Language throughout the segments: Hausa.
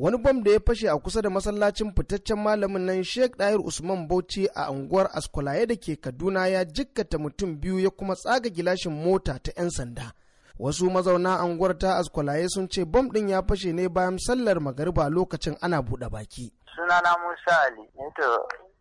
wani bom da ya fashe a kusa da masallacin fitaccen malamin nan sheikh dahir usman bauchi a unguwar askwalaye da ke kaduna ya jikkata mutum biyu ya kuma tsaga gilashin mota ta 'yan sanda wasu mazauna unguwar ta askwalaye sun ce bom din ya fashe ne bayan sallar magariba lokacin ana buɗe baki sunana musa ali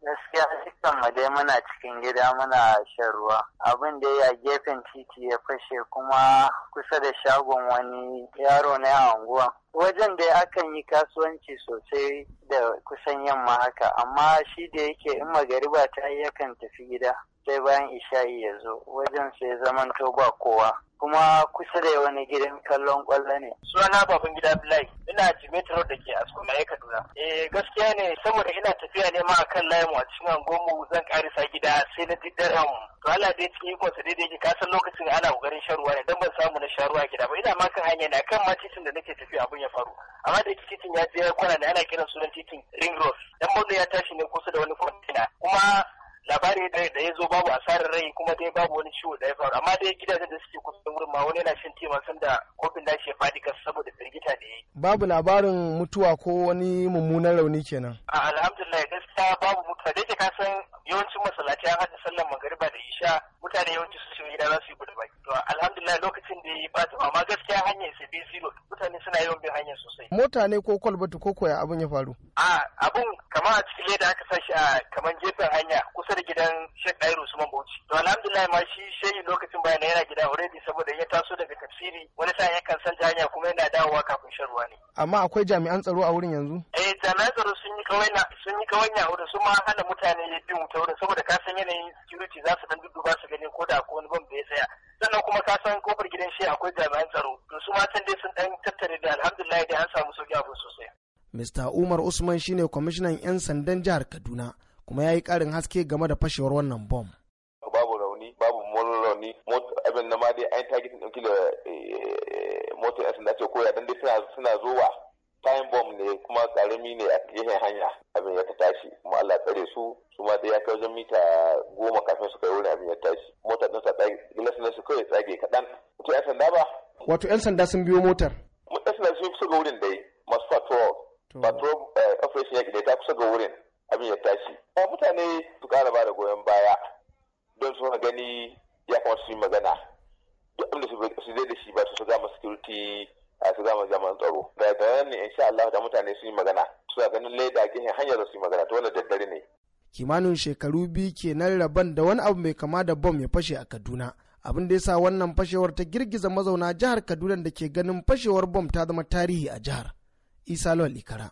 gaskiya dukkan mu dai muna cikin gida muna shan ruwa abin da ya gefen titi ya fashe kuma kusa da shagon wani yaro na anguwa wajen da akan yi kasuwanci sosai da kusan yamma haka amma shi da yake in magariba ta yi yakan tafi gida sai bayan isha'i ya zo wajen sai zamanto ba kowa kuma kusa da wani gidan kallon kwallo ne. Suna babban gida Abdullahi ina Jimeta da ke Asko Maye Kaduna. Eh gaskiya ne saboda ina tafiya ne ma akan layin a cikin angonmu zan karisa gida sai na ji mu. to Allah dai cikin ikon sa daidai ka san lokacin ana kokarin sharuwa ne dan ban samu na sharuwa gida ba ina ma kan hanya ne akan ma titin da nake tafiya abun ya faru amma da titin ya je kwana ne ana kiran sunan titin ring road dan bondo ya tashi ne kusa da wani kwantina kuma labari da da ya zo babu asarar rai kuma dai babu wani ciwo da ya faru amma dai gidajen da suke kusa wurin ma wani yana shan tema sun da kofin da shi faɗi kasa saboda firgita da yayi babu labarin mutuwa ko wani mummunan rauni kenan a alhamdulillah gaskiya babu mutuwa da ka san yawancin masallaci an hada sallar magariba da isha mutane yawanci su shi gida za su yi gudu baki to alhamdulillah lokacin da ya ba amma gaskiya hanyar sai bi zero mutane suna yawan bin hanya sosai mota ne ko kwalbatu ko koya abin ya faru a abin amma a cikin leda aka sashi a kamar gefen hanya kusa da gidan Sheikh Dairu Usman Bauchi to alhamdulillah ma shi shehi lokacin bayan yana gida already saboda ya taso daga tafsiri wani sa yakan san hanya kuma yana dawowa kafin shan ruwa ne amma akwai jami'an tsaro a wurin yanzu eh jami'an tsaro sun yi kawai sun yi kawai na wurin sun ma hana mutane ya bin wuta wurin saboda ka san yanayin security za su dan dudduba su gani ko da akwai wani bam da ya tsaya sannan kuma ka san kofar gidan shi akwai jami'an tsaro to su ma can dai sun dan tattare da alhamdulillah dai an samu sauki sosai Mr. Umar Usman shine kwamishinan 'yan sandan jihar Kaduna kuma ya yi ƙarin haske game da fashewar wannan bom. Babu rauni, babu rauni, abin na ma dai an targetin ɗin kila eh, eh, motar 'yan sanda ce koya don dai suna zuwa. time bomb ne kuma karami ne a gefen hanya abin ya ta tashi kuma Allah tsare su su ma dai ya kai wajen mita goma kafin su kai wurin abin ya tashi motar din tsage gilas su kawai tsage kaɗan. Wato 'yan sanda ba? Wato 'yan sanda sun biyo motar. operation yaƙi da ta kusa ga wurin abin ya tashi kuma mutane su kara ba da goyon baya don su gani ya kamata su yi magana duk abin da su zai da shi ba su gama security a su gama zaman tsaro daga nan ne insha Allah da mutane su yi magana su suna ganin leda gehen hanyar da su yi magana ta wannan daddare ne kimanin shekaru biyu kenan rabon da wani abu mai kama da bom ya fashe a Kaduna abin da ya sa wannan fashewar ta girgiza mazauna jihar Kaduna da ke ganin fashewar bom ta zama tarihi a jihar Isa Lawal Ikara